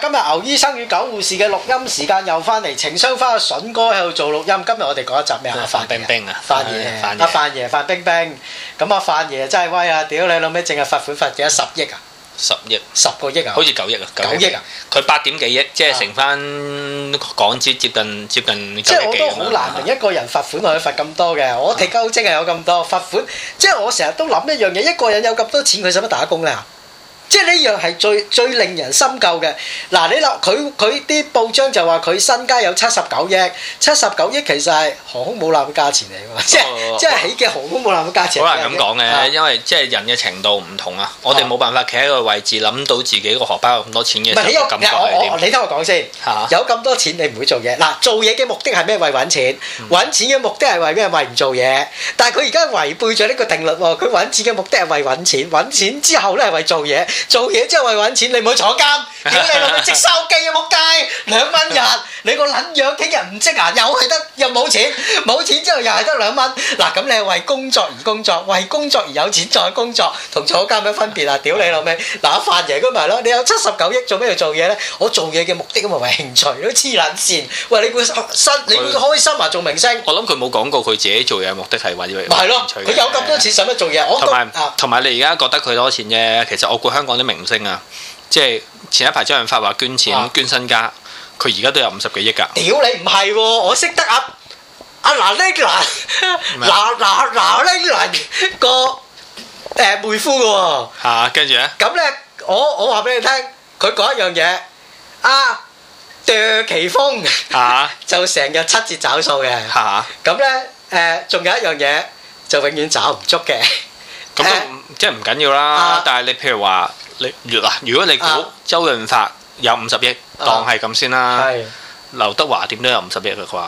今日牛醫生與狗護士嘅錄音時間又翻嚟，情商翻阿筍哥喺度做錄音。今日我哋講一集咩啊？范冰冰啊，范爺，阿范爺，范冰冰。咁阿范爺真係威啊！屌你老味，淨係罰款罰幾多？十億啊！十億，十個億啊！好似九億啊，九億啊！佢八點幾億，即係乘翻港紙接近接近。即係我都好難明，一個人罰款可以罰咁多嘅。我哋交職係有咁多罰款，即係我成日都諗一樣嘢，一個人有咁多錢，佢使乜打工咧？即係呢樣係最最令人深究嘅。嗱，你諗佢佢啲報章就話佢身家有七十九億，七十九億其實係航空母艦嘅價錢嚟㗎，即係即係起嘅航空母艦嘅價錢。好難咁講嘅，啊、因為即係人嘅程度唔同啊。啊我哋冇辦法企喺個位置諗到自己個荷包有咁多錢嘅、啊。你有咁講，你聽我講先。啊、有咁多錢你唔會做嘢。嗱，做嘢嘅目的係咩？為揾錢。揾錢嘅目的係為咩？為唔做嘢。但係佢而家違背咗呢個定律喎。佢揾錢嘅目的係為揾錢，揾錢之後咧係為做嘢。做嘢即係為揾錢，你唔好坐監。屌 你老母！即收機啊，仆街兩蚊一日。你個撚樣聽日唔積啊？又係得又冇錢，冇錢之後又係得兩蚊。嗱，咁你係為工作而工作，為工作而有錢再工作，同坐監有咩分別啊？屌你老味！嗱，阿范爺咁咪咯，你有七十九億做咩要做嘢咧？我做嘢嘅目的都唔係興趣，都黐撚線。喂，你會心你會開心、 哎、啊？做明星？啊、我諗佢冇講過佢自己做嘢目的係為，咪係咯？佢、啊、有咁多錢使乜做嘢？我同埋，同埋你而家覺得佢多錢啫。其實我估香港啲明星啊，即係、嗯啊啊、前一排周潤發話捐錢捐身家。啊啊佢而家都有五十幾億噶。屌你唔係喎，我識得阿阿拿拎拿拿拿拎拿個誒妹夫嘅喎。嚇，跟住咧？咁咧，我我話俾你聽，佢講一樣嘢，啊，卓奇峰嚇，就成日七折找數嘅嚇。咁咧誒，仲有一樣嘢就永遠找唔足嘅。咁啊，即係唔緊要啦。但係你譬如話你月啊，如果你估周潤發。有五十億，當係咁先啦。劉、啊、德華點都有五十億嘅啩，咁、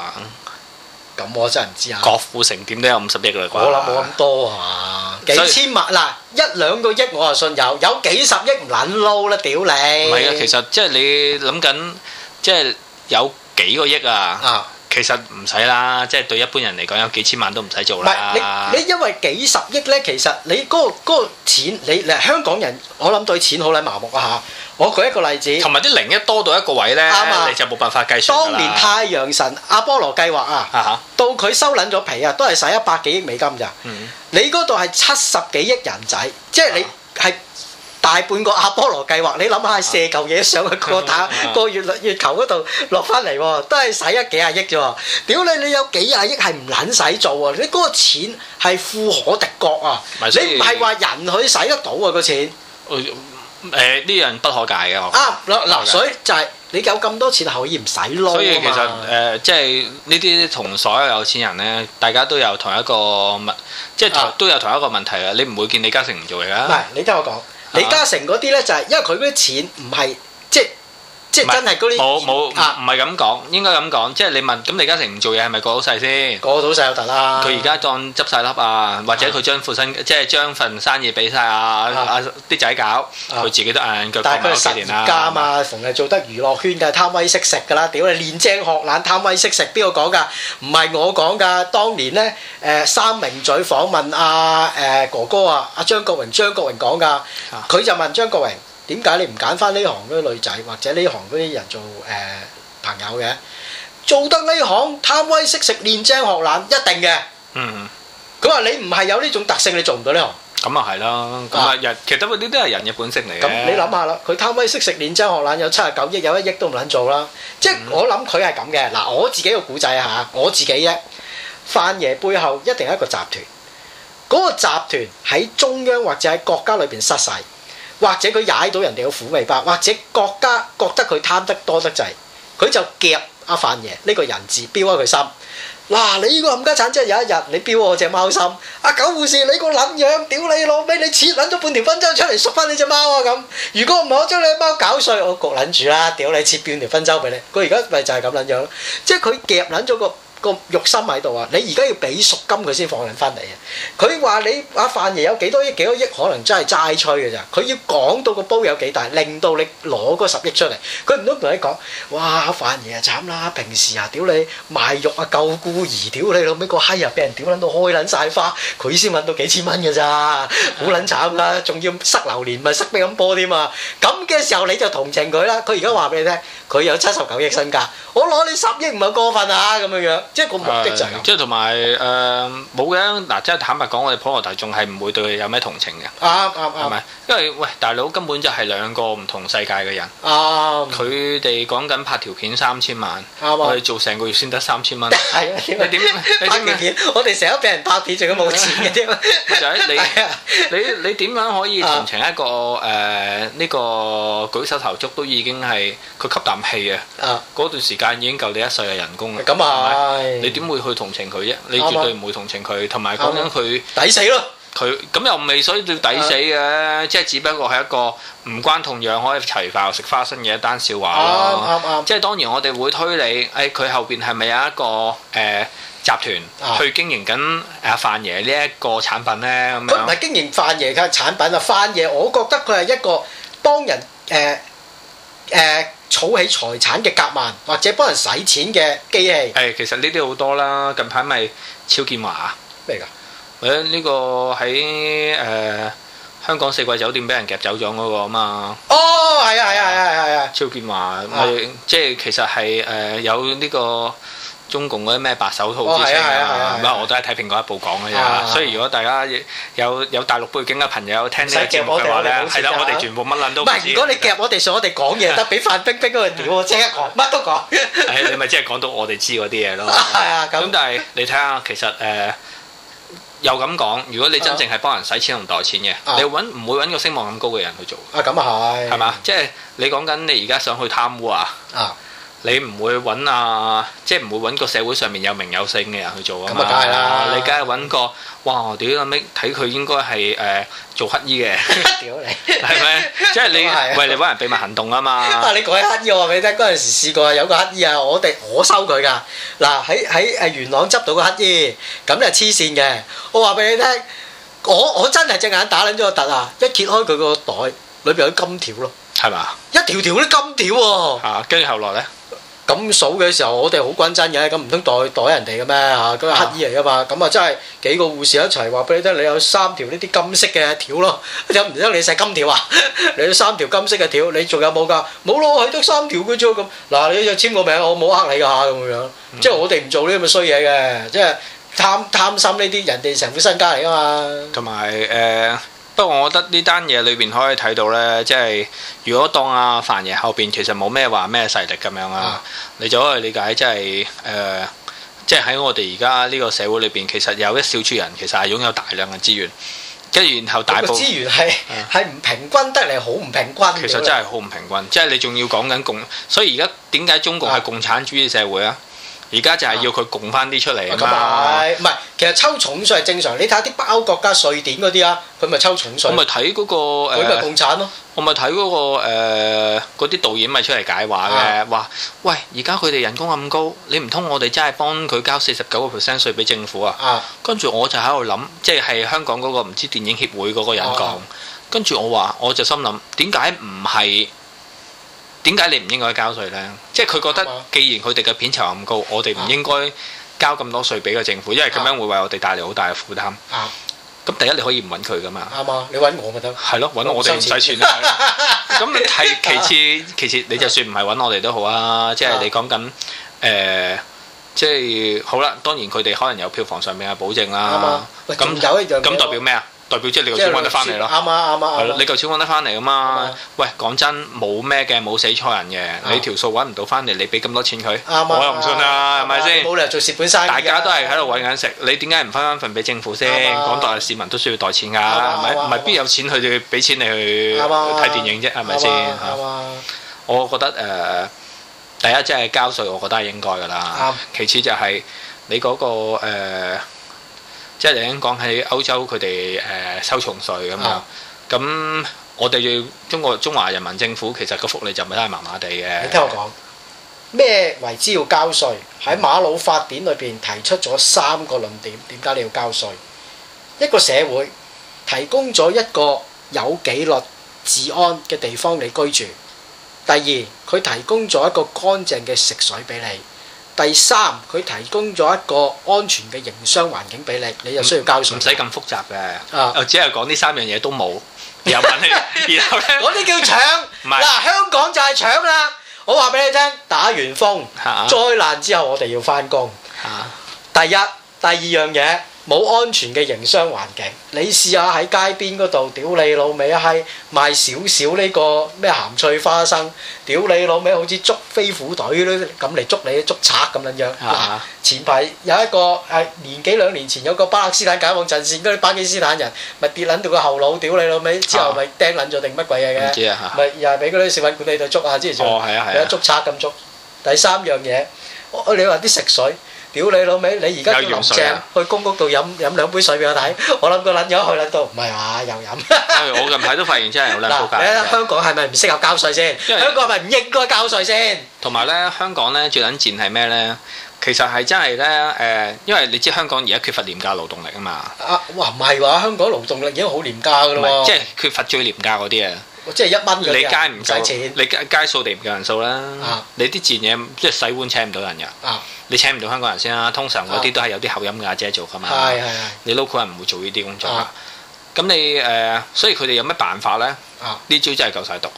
嗯、我真係唔知啊。郭富城點都有五十億嘅啩。我諗冇咁多啊，啊幾千萬嗱以，一兩個億我就信有，有幾十億唔捻撈啦，屌你！唔係啊，其實即係你諗緊，即係有幾個億啊？啊其實唔使啦，即係對一般人嚟講，有幾千萬都唔使做啦你。你因為幾十億呢？其實你嗰、那個嗰、那個錢，你嗱香港人，我諗對錢好捻麻木啊吓。我舉一個例子，同埋啲零一多到一個位咧，嗯、你就冇辦法計算。當年太陽神阿波羅計劃啊，到佢收撚咗皮啊，皮都係使一百幾億美金咋。嗯、你嗰度係七十幾億人仔，即係你係大半個阿波羅計劃。你諗下，射嚿嘢上去個塔、個月月球嗰度落翻嚟喎，都係使咗幾廿億啫。屌你，你有幾廿億係唔撚使做啊？你嗰個錢係富可敵國啊！是你唔係話人去使得到啊個錢。呃誒呢、呃、樣不可解嘅，啊，流水、啊、就係你有咁多錢，可以唔使攞。所以其實誒、呃，即係呢啲同所有有錢人咧，大家都有同一個問，即係、啊、都有同一個問題啊！你唔會見李嘉誠唔做嘢㗎。唔係、啊，你聽我講，啊、李嘉誠嗰啲咧就係因為佢啲錢唔係。唔係，冇冇啊！唔係咁講，應該咁講。即係你問，咁李嘉誠唔做嘢係咪過到世先？過到世就得啦。佢而家當執曬笠啊，或者佢將副身，即係將份生意俾曬阿阿啲仔搞，佢自己都唉腳踏兩船啦。但係佢實家嘛，逢係做得娛樂圈嘅貪威識食㗎啦。屌你練精學懶貪威識食，邊個講㗎？唔係我講㗎。當年咧，誒三名嘴訪問阿誒哥哥啊，阿張國榮，張國榮講㗎。佢就問張國榮。點解你唔揀翻呢行嗰啲女仔或者呢行嗰啲人做誒、呃、朋友嘅？做得呢行貪威識食練精學懶一定嘅。嗯，佢話你唔係有呢種特性，你做唔到呢行。咁啊係啦，人、嗯、其實都啲都係人嘅本性嚟嘅。咁、嗯、你諗下啦，佢貪威識食練精學懶，有七十九億，有一億都唔撚做啦。即、就、係、是嗯、我諗佢係咁嘅。嗱，我自己個古仔嚇，我自己啫。范爺背後一定係一個集團，嗰、那個集團喺中央或者喺國家裏邊失勢。或者佢踩到人哋嘅苦味巴，或者國家覺得佢貪得多得滯，佢就夾阿范爺呢個人字，標啊佢心。嗱，你呢個冚家鏟真係有一日，你標我隻貓心。阿、啊、狗護士，你個撚樣，屌你老味，你切撚咗半條分州出嚟，縮翻你隻貓啊咁。如果唔好將你隻貓搞碎，我焗撚住啦，屌你切半條分州俾你。佢而家咪就係咁撚樣囉，即係佢夾撚咗個。個肉心喺度啊！你而家要俾贖金佢先放人翻嚟啊！佢話你阿范爺有幾多億幾多億，可能真係齋吹嘅咋？佢要講到個煲有幾大，令到你攞嗰十億出嚟。佢唔通同你講，哇！阿范爺啊慘啦，平時啊屌你賣肉啊救孤兒，屌你老尾個閪啊俾人屌撚到開撚晒花，佢先揾到幾千蚊嘅咋？好撚慘啦，仲要塞榴蓮咪塞俾咁波添啊！咁嘅時候你就同情佢啦。佢而家話俾你聽，佢有七十九億身價，我攞你十億唔係過分啊！咁樣樣。即係個目的就係咁。即係同埋誒冇嘅嗱，即係坦白講，我哋普羅大眾係唔會對佢有咩同情嘅。啱啱啱。係咪？因為喂，大佬根本就係兩個唔同世界嘅人。啱。佢哋講緊拍條片三千萬，我哋做成個月先得三千蚊。係啊，點啊？點啊？拍條片，我哋成日都俾人拍片，仲要冇錢嘅啫。就係你你你點樣可以同情一個誒呢個舉手投足都已經係佢吸啖氣嘅？啊！嗰段時間已經夠你一世嘅人工啦。咁啊！你點會去同情佢啫？你絕對唔會同情佢，同埋講緊佢抵死咯。佢咁又未，所以叫抵死嘅，即係吧只不過係一個唔關痛癢可以齊飯食花生嘅一單笑話咯。即係當然我哋會推理，誒、哎、佢後邊係咪有一個誒、呃、集團去經營緊阿范爺呢一個產品呢？佢唔係經營范爺嘅產品啊，范爺，我覺得佢係一個幫人誒誒。呃呃儲起財產嘅夾萬或者幫人洗錢嘅機器，誒，其實呢啲好多啦。近排咪肖建華啊？咩嚟㗎？誒、欸，呢、這個喺誒、呃、香港四季酒店俾人夾走咗嗰個啊嘛。哦，係啊，係啊，係啊，係啊。肖建華咪即係其實係誒、呃、有呢、這個。中共嗰啲咩白手套之情啊嘛，啊我都係睇《蘋果日報》講嘅啫。所以如果大家有有大陸背景嘅朋友聽呢個節目嘅話咧，係啦，我哋全部乜撚都唔係。如果你夾我哋所，我哋講嘢得，俾范冰冰嗰個屌即刻講，乜都講。你咪即係講到我哋知嗰啲嘢咯。係啊，咁但係你睇下，其實誒又咁講，如果你真正係幫人使錢同代錢嘅，你揾唔會揾個聲望咁高嘅人去做。咁啊係。係嘛？即係你講緊你而家想去貪污啊？啊！你唔會揾啊，即係唔會揾個社會上面有名有姓嘅人去做啊！咁啊，梗係啦，你梗係揾個哇我屌咁樣，睇佢應該係誒做乞兒嘅屌你係咪？即係你喂，你揾人秘密行動啊嘛！啊，你講乞兒我話俾你聽，嗰陣時試過有個乞兒啊，我哋我收佢㗎。嗱喺喺元朗執到個乞兒，咁就黐線嘅。我話俾你聽，我我真係隻眼打撚咗個突啊！一揭開佢個袋，裏邊有啲金條咯，係嘛嗎？一條條啲金條喎。跟住、啊、後來呢？咁數嘅時候，我哋好均真嘅，咁唔通袋袋人哋嘅咩嚇？嗰個乞兒嚟噶嘛？咁啊，真係幾個護士一齊話俾你聽，你有三條呢啲金色嘅條咯，又唔得你曬金條啊？你有三條金色嘅條，你仲有冇㗎？冇咯，係得三條嘅啫。咁嗱，你又簽個名，我冇呃你㗎嚇咁樣。即係我哋唔做呢啲咁嘅衰嘢嘅，即係貪貪心呢啲，人哋成副身家嚟啊嘛。同埋誒。不過我覺得呢單嘢裏邊可以睇到呢，即係如果當阿、啊、范爺後邊其實冇咩話咩勢力咁樣啊，你就可以理解即係誒，即係喺我哋而家呢個社會裏邊，其實有一小撮人其實係擁有大量嘅資源，跟住然後大部分資源係係唔平均得嚟，好唔、啊、平均。平均其實真係好唔平均，即係你仲要講緊共，所以而家點解中共係共產主義社會啊？而家就係要佢供翻啲出嚟啊！咁唔係，其實抽重稅係正常。你睇下啲北歐國家，瑞典嗰啲、那個、啊，佢咪抽重稅。我咪睇嗰個佢咪共產咯？我咪睇嗰個嗰啲導演咪出嚟解話嘅話、啊，喂！而家佢哋人工咁高，你唔通我哋真係幫佢交四十九個 percent 稅俾政府啊？啊！跟住我就喺度諗，即、就、係、是、香港嗰個唔知電影協會嗰個人講，跟住、啊、我話我就心諗，點解唔係？點解你唔應該交稅呢？即係佢覺得，既然佢哋嘅片酬咁高，我哋唔應該交咁多稅俾個政府，因為咁樣會為我哋帶嚟好大嘅負擔。咁、啊、第一你可以唔揾佢噶嘛？啱啊，你揾我咪得。係咯，揾我哋唔使錢啦。咁你睇。其次，啊、其次你就算唔係揾我哋都好啊。即係你講緊誒，即係、呃就是、好啦。當然佢哋可能有票房上面嘅保證啦、啊。咁咁代表咩啊？代表即係你嚿錢揾得翻嚟咯，啱啊啱啊，係咯，你嚿錢揾得翻嚟啊嘛。喂，講真冇咩嘅，冇死錯人嘅，你條數揾唔到翻嚟，你俾咁多錢佢，我又唔信啊，係咪先？冇理由做蝕本生意。大家都係喺度揾緊食，你點解唔分翻份俾政府先？廣大市民都需要袋錢㗎，係咪？唔係邊有錢去俾錢你去睇電影啫？係咪先？啱啊！我覺得誒，第一即係交稅，我覺得係應該㗎啦。其次就係你嗰個即係你已經講起歐洲，佢哋誒收重稅咁樣。咁、嗯、我哋要中國中華人民政府其實個福利就唔係麻麻地嘅。你聽我講，咩為之要交稅？喺馬老法典裏邊提出咗三個論點。點解你要交稅？一個社會提供咗一個有紀律治安嘅地方，你居住。第二，佢提供咗一個乾淨嘅食水俾你。第三，佢提供咗一個安全嘅營商環境俾你，你又需要交稅，唔使咁複雜嘅，又、啊、只係講呢三樣嘢都冇，然後咧，然後咧，嗰啲 叫搶，嗱是、啊、香港就係搶啦！我話俾你聽，打完風災難之後我，我哋要返工。第一、第二樣嘢。冇安全嘅營商環境，你試下喺街邊嗰度屌你老味係賣少少呢個咩鹹脆花生，屌你老味好似捉飛虎隊都咁嚟捉你捉賊咁樣樣。前排有一個誒，年幾兩年前有個巴勒斯坦解放陣線嗰啲巴基斯坦人，咪跌撚到個後腦屌你老味之後咪釘撚咗定乜鬼嘢嘅，咪又係俾嗰啲食品管理隊捉啊之類。哦，係啊係啊，捉賊咁捉。第三樣嘢，你話啲食水。屌你老味！你而家仲咁去公屋度飲飲兩杯水俾我睇。我諗個捻嘢去捻到，唔係啊，又飲。我近排都發現真係有捻到噶。香港係咪唔適合交稅先是？香港係咪唔應該交稅先？同埋咧，香港咧最捻賤係咩咧？其實係真係咧，誒、呃，因為你知香港而家缺乏廉價勞動力啊嘛。啊，哇，唔係話香港勞動力已經好廉價噶啦喎。即係缺乏最廉價嗰啲啊。即係一蚊。你街唔使錢，你街掃地唔夠人掃啦。你啲賤嘢即係洗碗請唔到人噶。啊啊你請唔到香港人先啦，啊，通常嗰啲都係有啲口音嘅阿姐，姐做㗎嘛。係係，啊、你 local 人唔會做呢啲工作。咁，啊啊、你誒、呃，所以佢哋有乜辦法咧？呢招，啊、真係夠晒毒。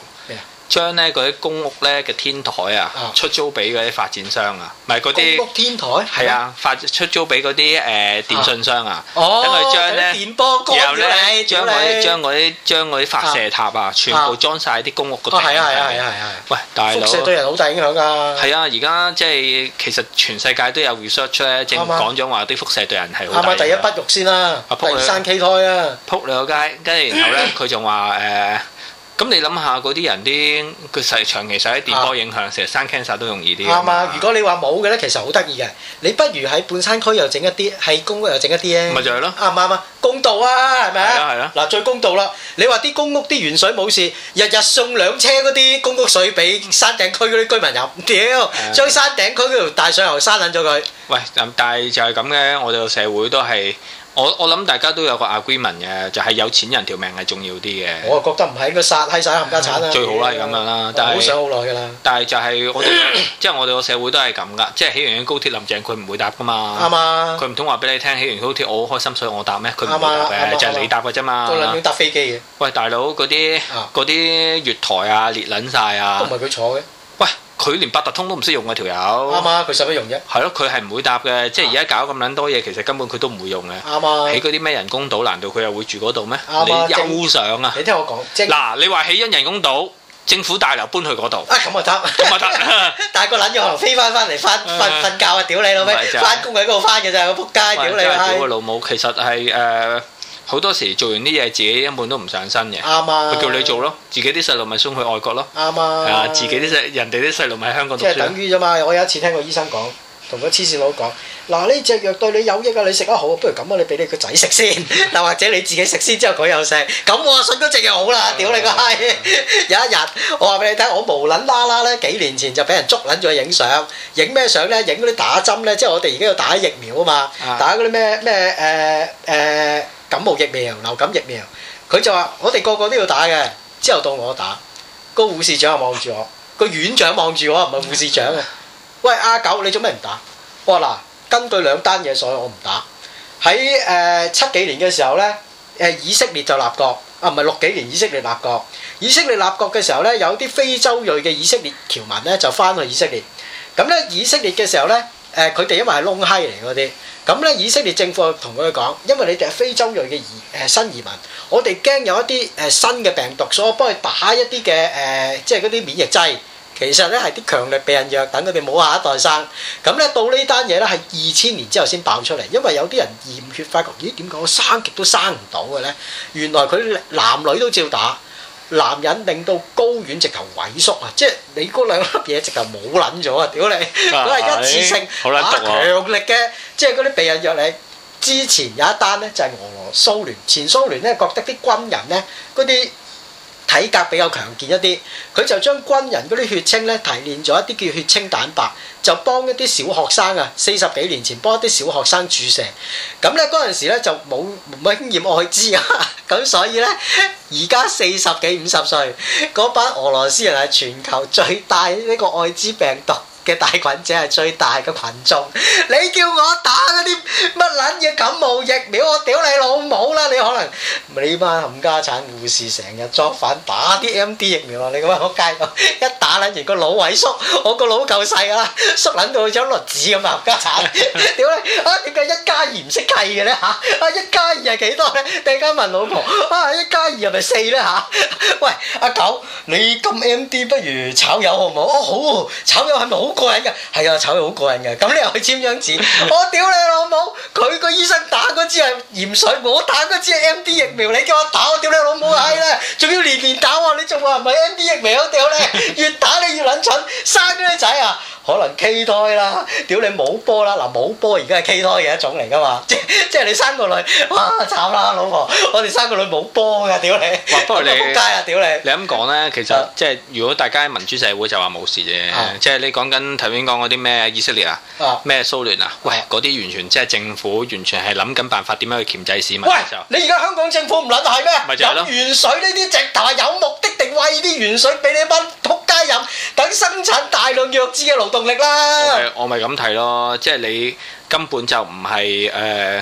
將咧嗰啲公屋咧嘅天台啊出租俾嗰啲發展商啊，唔係嗰啲天台係啊，發出租俾嗰啲誒電信商啊，哦，等佢將咧電波，然後咧將嗰啲將嗰啲將啲發射塔啊，全部裝晒啲公屋個頂。係係係係係。喂，大佬，輻射對人好大影響㗎。係啊，而家即係其實全世界都有 research 咧，正講咗話啲輻射對人係好大。啱啊，第一不育先啦，第三畸胎啊，撲兩個街，跟住然後咧佢仲話誒。咁你諗下嗰啲人啲，佢長長期受啲電波影響，成日生 cancer 都容易啲。啱啊！如果你話冇嘅咧，其實好得意嘅，你不如喺半山區又整一啲，喺公屋又整一啲咧。咪就係咯。啱唔啱啊？公道啊，係咪啊？係啊係啊。嗱，最公道啦！你話啲公屋啲原水冇事，日日送兩車嗰啲公屋水俾山頂區嗰啲居民飲，屌，將山頂區嗰條大水喉閂撚咗佢。喂，但係就係咁嘅，我哋個社會都係。我我諗大家都有個 agreement 嘅，就係、是、有錢人條命係重要啲嘅。我啊覺得唔係應該殺閪晒冚家鏟啊、嗯！最好啦係咁樣啦，嗯、但係是好想好耐噶啦。但係就係我哋即係我哋個社會都係咁噶，即係起完高鐵林鄭，佢唔會搭噶嘛。啱、嗯、啊！佢唔通話俾你聽，起完高鐵我好開心，所以我搭咩？佢唔係就係你搭嘅啫嘛。我諗搭飛機嘅。喂，大佬嗰啲嗰啲月台啊，列撚晒啊！都唔係佢坐嘅。佢連八達通都唔識用啊，條友！啱啊，佢使乜用啫。係咯，佢係唔會答嘅，即係而家搞咁撚多嘢，其實根本佢都唔會用嘅。啱啊！起嗰啲咩人工島？難道佢又會住嗰度咩？你啊！又上啊！你聽我講，嗱，你話起因人工島，政府大樓搬去嗰度。啊，咁啊得，咁啊得，但係個撚嘢又飛翻翻嚟，翻瞓瞓覺啊！屌你老味，翻工喺嗰度翻嘅咋，仆街屌你老母！真係屌個老母，其實係誒。好多時做完啲嘢自己一半都唔上身嘅，佢叫你做咯，自己啲細路咪送去外國咯，係啊，自己啲細人哋啲細路咪喺香港讀書。即係等於啫嘛！我有一次聽個醫生講，同個黐線佬講：嗱呢隻藥對你有益啊，你食得好，不如咁啊，你俾你個仔食先，又或者你自己食先之後佢又食，咁我信嗰隻藥好啦！屌你個閪！有一日我話俾你聽，我無撚啦啦咧，幾年前就俾人捉撚咗影相，影咩相咧？影嗰啲打針咧，即係我哋而家要打疫苗啊嘛，打嗰啲咩咩誒誒。感冒疫苗、流感疫苗，佢就話：我哋個個都要打嘅。之後到我打，個護士長又望住我，個院長望住我，唔係護士長啊！嗯、喂，阿九，你做咩唔打？我話嗱，根據兩單嘢，所以我唔打。喺誒、呃、七幾年嘅時候咧，誒以色列就立國，啊唔係六幾年以色列立國。以色列立國嘅時候咧，有啲非洲裔嘅以色列僑民咧就翻去以色列。咁咧，以色列嘅時候咧。誒佢哋因為係窿閪嚟嗰啲，咁咧以色列政府同佢哋講，因為你哋係非洲裔嘅移誒新移民，我哋驚有一啲誒新嘅病毒，所以我幫佢打一啲嘅誒，即係啲免疫劑。其實咧係啲強力避孕藥，等佢哋冇下一代生。咁咧到呢單嘢咧係二千年之後先爆出嚟，因為有啲人驗血發覺，咦點講我生極都生唔到嘅咧？原來佢男女都照打。男人令到睾丸直頭萎縮啊！即係你嗰兩粒嘢直頭冇撚咗啊！屌你，佢係一次性、哎、好撚，啊強力嘅，即係嗰啲避孕藥，你之前有一單咧，就係、是、俄羅蘇聯前蘇聯咧，覺得啲軍人咧嗰啲。體格比較強健一啲，佢就將軍人嗰啲血清咧，提煉咗一啲叫血清蛋白，就幫一啲小學生啊，四十幾年前幫一啲小學生注射。咁咧嗰陣時咧就冇乜經驗愛滋啊，咁 所以咧而家四十幾五十歲嗰班俄羅斯人係全球最大呢個愛滋病毒。嘅大菌者係最大嘅羣眾，你叫我打嗰啲乜撚嘢感冒疫苗，我屌你老母啦！你可能你班冚家產護士成日作反打啲 M D 疫苗，你咁樣扑街一打撚完個腦萎縮，我個腦夠細啦，縮撚到好似栗子咁啊！冚家產，屌你啊！點解一加二唔識計嘅咧嚇？啊，一加二係幾多咧？突然間問老婆啊，一加二係咪四咧嚇？喂阿九，你咁 M D 不如炒魷好唔好？哦好，炒魷係咪好？好過癮㗎，係、 嗯、啊，醜到好過癮㗎，咁你又去簽張紙， 我屌你老母！佢個醫生打嗰支係鹽水，我打嗰支係 M D 疫苗，你叫我打，我屌你老母閪啦！仲、哎、要年年打喎，你仲話唔係 M D 疫苗我屌你，越打你越撚蠢，生啲仔啊！可能畸胎啦，屌你冇波啦，嗱、啊、冇波而家係畸胎嘅一種嚟噶嘛，即即係你生個女，哇慘啦老婆，我哋生個女冇波㗎，屌你，哇不過你仆街啊，屌 你！你咁講呢，其實即係、啊、如果大家喺民主社會就話冇事啫，即係、啊、你講緊頭先講嗰啲咩以色列啊，咩、啊、蘇聯啊，喂嗰啲喂完全即係政府完全係諗緊辦法點樣去鉗制市民。喂，就你而家香港政府唔撚係咩？咪就係咯，水呢啲直頭係有目的地餵啲鹽水俾你班仆街飲，等生產大量弱嘅動力啦！我咪我咪咁睇咯，即係你根本就唔係誒，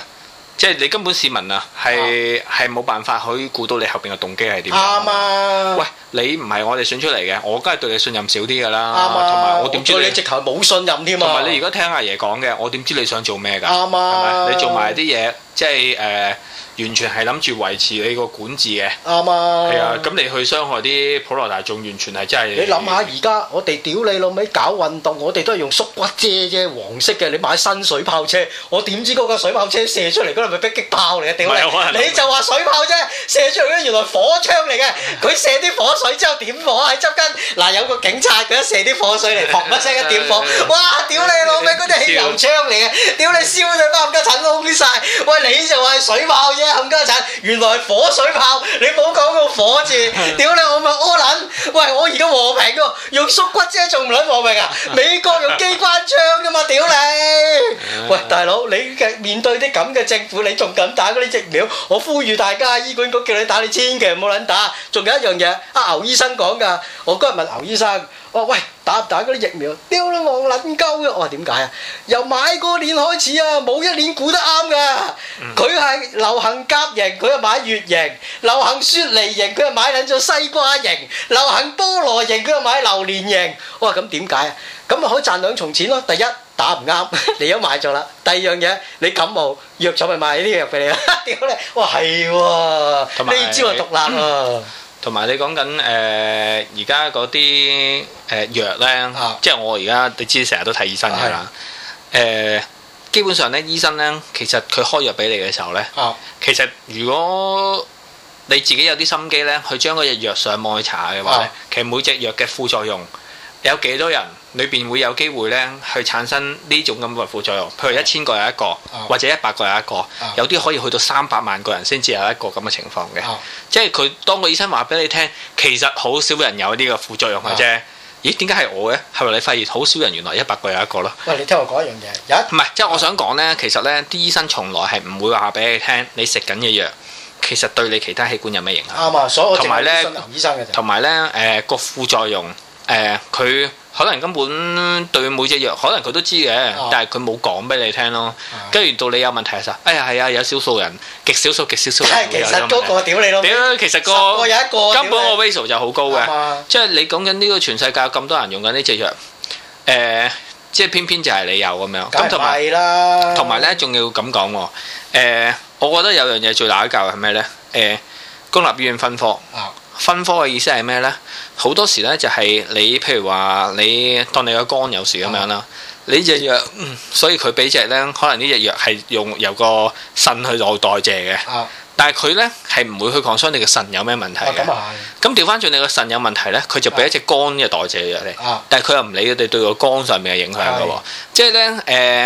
即係你根本市民啊，係係冇辦法可以估到你後邊嘅動機係點。啱啊！喂，你唔係我哋選出嚟嘅，我梗係對你信任少啲㗎啦。啱啊！同埋我點知你直頭係冇信任添？同埋你如果聽阿爺講嘅，我點知你想做咩㗎？啱啊！係咪你做埋啲嘢，即係誒。完全係諗住維持你個管治嘅，啱啊！係啊，咁你去傷害啲普羅大眾，完全係真係。你諗下，而家我哋屌你老味搞運動，我哋都係用縮骨遮啫，黃色嘅。你買新水炮車，我點知嗰個水炮車射出嚟嗰度係咪迫擊炮嚟啊？屌你！你就話水炮啫，射出嚟，原來火槍嚟嘅，佢射啲火水之後點火喺側邊。嗱，有個警察佢一射啲火水嚟，嘭一聲一點火，哇！屌你老味！油槍嚟嘅，屌你，燒到冚家鏟都空啲曬。喂，你就話係水炮啫，冚家鏟原來係火水炮，你冇講個火字。屌你，我咪屙撚？喂，我而家和平喎，用縮骨啫，仲唔撚和平啊？美國用機關槍㗎嘛，屌你！喂，大佬，你嘅面對啲咁嘅政府，你仲敢打嗰啲疫苗？我呼籲大家，醫管局叫你打，你千祈唔好撚打。仲有一樣嘢，阿牛醫生講㗎，我嗰日問牛醫生。哦喂，打打嗰啲疫苗，屌你我撚鳩嘅，我話點解啊？由買嗰年開始啊，冇一年估得啱噶。佢係流行甲型，佢就買乙型；流行雪梨型，佢就買撚做西瓜型；流行菠蘿型，佢就買榴蓮型。我話咁點解啊？咁咪可賺兩重錢咯。第一打唔啱，你都買咗啦。第二樣嘢你感冒，藥廠咪賣呢個藥俾你啦。屌你，我話係喎，呢招係獨立啊！同埋你講緊誒而家嗰啲誒藥咧，啊、即係我而家你知成日都睇醫生㗎啦。誒的、呃、基本上咧，醫生咧其實佢開藥俾你嘅時候咧，啊、其實如果你自己有啲心機咧，去將嗰隻藥上網去查嘅話咧，啊、其實每隻藥嘅副作用有幾多人，裏邊會有機會咧，去產生呢種咁嘅副作用，譬如一千個有一個，嗯、或者一百個有一個，嗯、有啲可以去到三百萬個人先至有一個咁嘅情況嘅。嗯、即係佢當個醫生話俾你聽，其實好少人有呢個副作用嘅啫。嗯、咦？點解係我嘅？係咪你發現好少人原來一百個有一個咯？喂，你聽我講一樣嘢，有唔係即係我想講咧，其實咧啲醫生從來係唔會話俾你聽，你食緊嘅藥其實對你其他器官有咩影響？啱啊！所以我正係信醫生嘅。同埋咧，誒個副，副，副作用。誒，佢、呃、可能根本對每隻藥，可能佢都知嘅，哦、但係佢冇講俾你聽咯。跟住、嗯、到你有問題嘅時候，哎呀係啊，有少數人，極少數，極少數人。係，是其實嗰、那個屌你咯。屌，其實個根本個 ratio 就好高嘅，嗎即係你講緊呢個全世界咁多人用緊呢隻藥，誒、呃，即係偏偏就係你有咁樣。梗係啦。同埋咧，仲要咁講喎，誒，我覺得有樣嘢最詐教舊係咩咧？誒、呃，公立醫院分科。嗯分科嘅意思係咩呢？好多時呢，就係你，譬如話你當你個肝有事咁樣啦。嗯、你隻藥，所以佢俾隻呢，可能呢隻藥係用由個腎去代代謝嘅。嗯但係佢咧係唔會去抗生你個腎有咩問題嘅。咁啊，咁調翻轉你個腎有問題咧，佢就俾一隻肝嘅代謝藥你。但係佢又唔理佢哋對個肝上面嘅影響嘅喎。即係咧，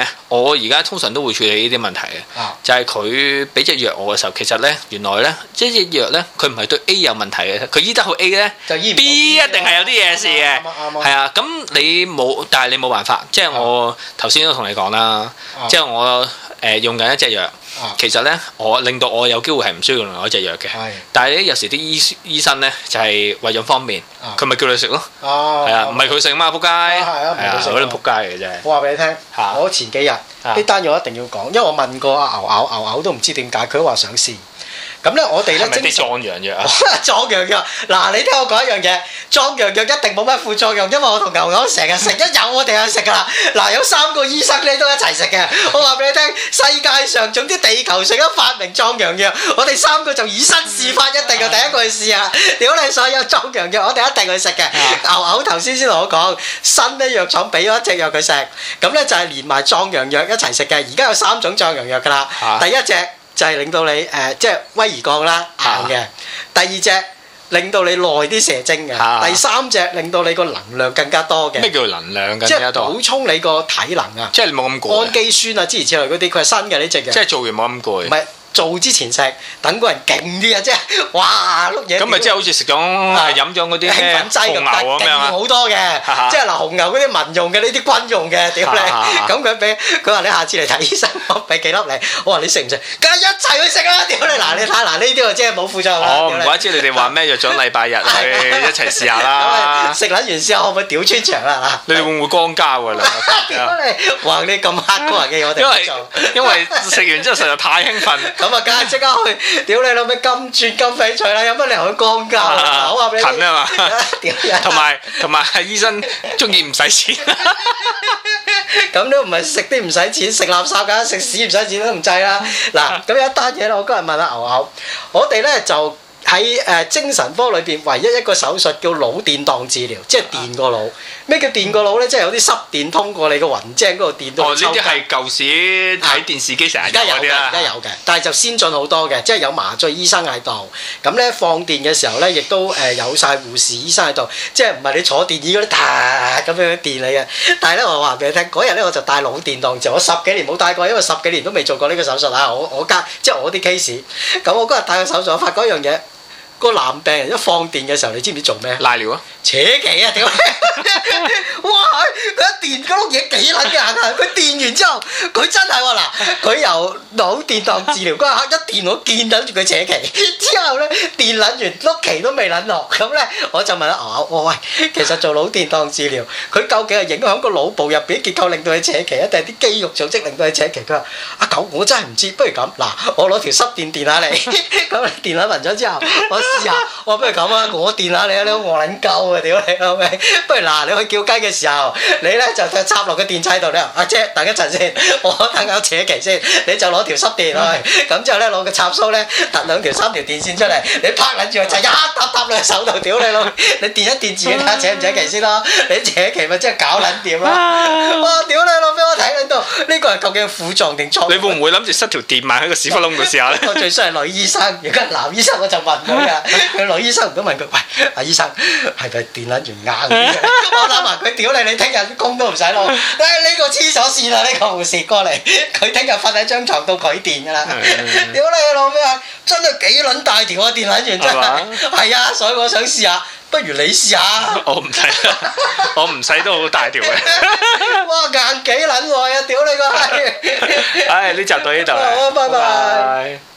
誒，我而家通常都會處理呢啲問題嘅。就係佢俾隻藥我嘅時候，其實咧原來咧，呢隻藥咧，佢唔係對 A 有問題嘅，佢醫得好 A 咧，B 一定係有啲嘢事嘅。係啊，咁你冇，但係你冇辦法。即係我頭先都同你講啦，即係我。誒、呃、用緊一隻藥，啊、其實咧我令到我有機會係唔需要用另外一隻藥嘅。係的，但係咧有時啲醫醫生咧就係為咗方便，佢咪、啊、叫你食咯。係啊，唔係佢食嘛，仆街。係啊，唔係佢食，嗰啲仆街嚟嘅啫。的我話俾你聽，我前幾日呢的單嘢我一定要講，因為我問過牛牛牛牛都唔知點解佢都話想試。咁咧，我哋咧即係咩？壯陽藥啊！壯陽藥嗱，你聽我講一樣嘢，壯陽藥一定冇乜副作用，因為我同牛牛成日食，一有我哋係食噶啦。嗱，有三個醫生咧都一齊食嘅。我話俾你聽，世界上總之地球上一發明壯陽藥，我哋三個就以身試法，一定係第一個去試啊！屌你所有壯陽藥，我哋一定去食嘅。牛牛頭先先同我講，新啲藥廠俾咗一隻藥佢食，咁咧就係連埋壯陽藥一齊食嘅。而家有三種壯陽藥噶啦，第一隻，就係令到你誒，即、呃、係、就是、威而降啦，硬嘅。啊、第二隻令到你耐啲射精嘅。啊、第三隻令到你個能量更加多嘅。咩叫能量？即係補充你個體能啊！即係你冇咁攰。氨基酸啊，之類之類嗰啲，佢係新嘅呢隻嘅。隻即係做完冇咁攰。唔係。做之前食，等個人勁啲啊！即係哇，碌嘢。咁咪即係好似食咗飲咗嗰啲興奮劑咁，勁好多嘅。即係嗱，紅牛嗰啲民用嘅，呢啲軍用嘅，屌你！咁佢俾佢話你下次嚟睇醫生，我俾幾粒你。我話你食唔食？梗係一齊去食啊！屌你嗱你嗱，呢啲我即係冇副作用。我唔怪知你哋話咩約咗禮拜日，去，一齊試下啦。食甩完之後可唔可以屌穿牆啊？你哋會唔會光膠啊？屌你！話你咁黑個人嘅，我哋因為食完之後實在太興奮。咁啊，梗係即刻去，屌你老味，咁絕金翡翠啦！有乜理由去降價好，啊？俾 近啊嘛，同埋同埋，醫生中意唔使錢。咁都唔係食啲唔使錢，食垃圾㗎，食屎唔使錢都唔制啦。嗱，咁有一單嘢我今日問下牛牛，我哋咧就喺誒精神科裏邊，唯一一個手術叫腦電盪治療，即係電個腦。咩叫電個腦呢？嗯、即係有啲濕電通過你個雲精嗰，嗯、個電都哦，呢啲係舊時睇電視機成日有嘅。而家有嘅，而家有嘅。有，有但係就先進好多嘅，嗯、即係有麻醉醫生喺度。咁呢，放電嘅時候呢，亦都誒有晒護士、醫生喺度。即係唔係你坐電椅嗰啲嗒咁樣電你嘅？但係呢，我話俾你聽，嗰日呢，我就帶腦電當住，我十幾年冇戴過，因為十幾年都未做過呢個手術啊！我，我加即係我啲 case。咁我嗰日戴個手術，我發覺一樣嘢。個男病人一放電嘅時候，你知唔知做咩？瀨尿啊！扯旗啊！屌！哇！佢一電嗰碌嘢幾撚硬啊！佢電完之後，佢真係喎嗱，佢由腦電盪治療，佢一電我見撚住佢扯旗，之後咧電撚完碌旗都未撚落，咁咧我就問阿牛：我喂，其實做腦電盪治療，佢究竟係影響個腦部入邊結構，令到佢扯旗，定係啲肌肉組織令到佢扯旗？佢話：阿狗，我真係唔知，不如咁，嗱，我攞條濕電電下你，咁你電撚完咗之後，我。我不如咁啊，我電下你啊，你好戇撚鳩啊，屌你老味！不如嗱，你去叫雞嘅時候，你咧就插落個電掣度咧。阿姐等一陣先，我等緊扯旗先。你就攞條濕電去，咁之後咧攞個插蘇咧揼兩條三條電線出嚟，你拍撚住就一揼揼落手度，屌你老！你電一電自己睇下扯唔扯旗先啦。你扯旗咪即係搞撚掂啦！哇，屌你老，俾我睇喺度。呢個係究竟腐狀定錯？你會唔會諗住塞條電埋喺個屎窟窿度試下咧？我最衰係女醫生，如果係男醫生我就問佢。個老醫生都問佢，喂，阿醫生，係咪電撚員硬嘅？我諗埋佢屌你，你聽日工都唔使攞。哎，呢個廁所線啦，呢個護士過嚟，佢聽日瞓喺張床到佢電噶啦。屌你老味啊！真係幾卵大條啊電撚員，真係，係啊。所以我想試下，不如你試下。我唔使，我唔使都好大條嘅。哇，硬幾卵我啊！屌你個閪。唉，呢集到呢度好，拜拜。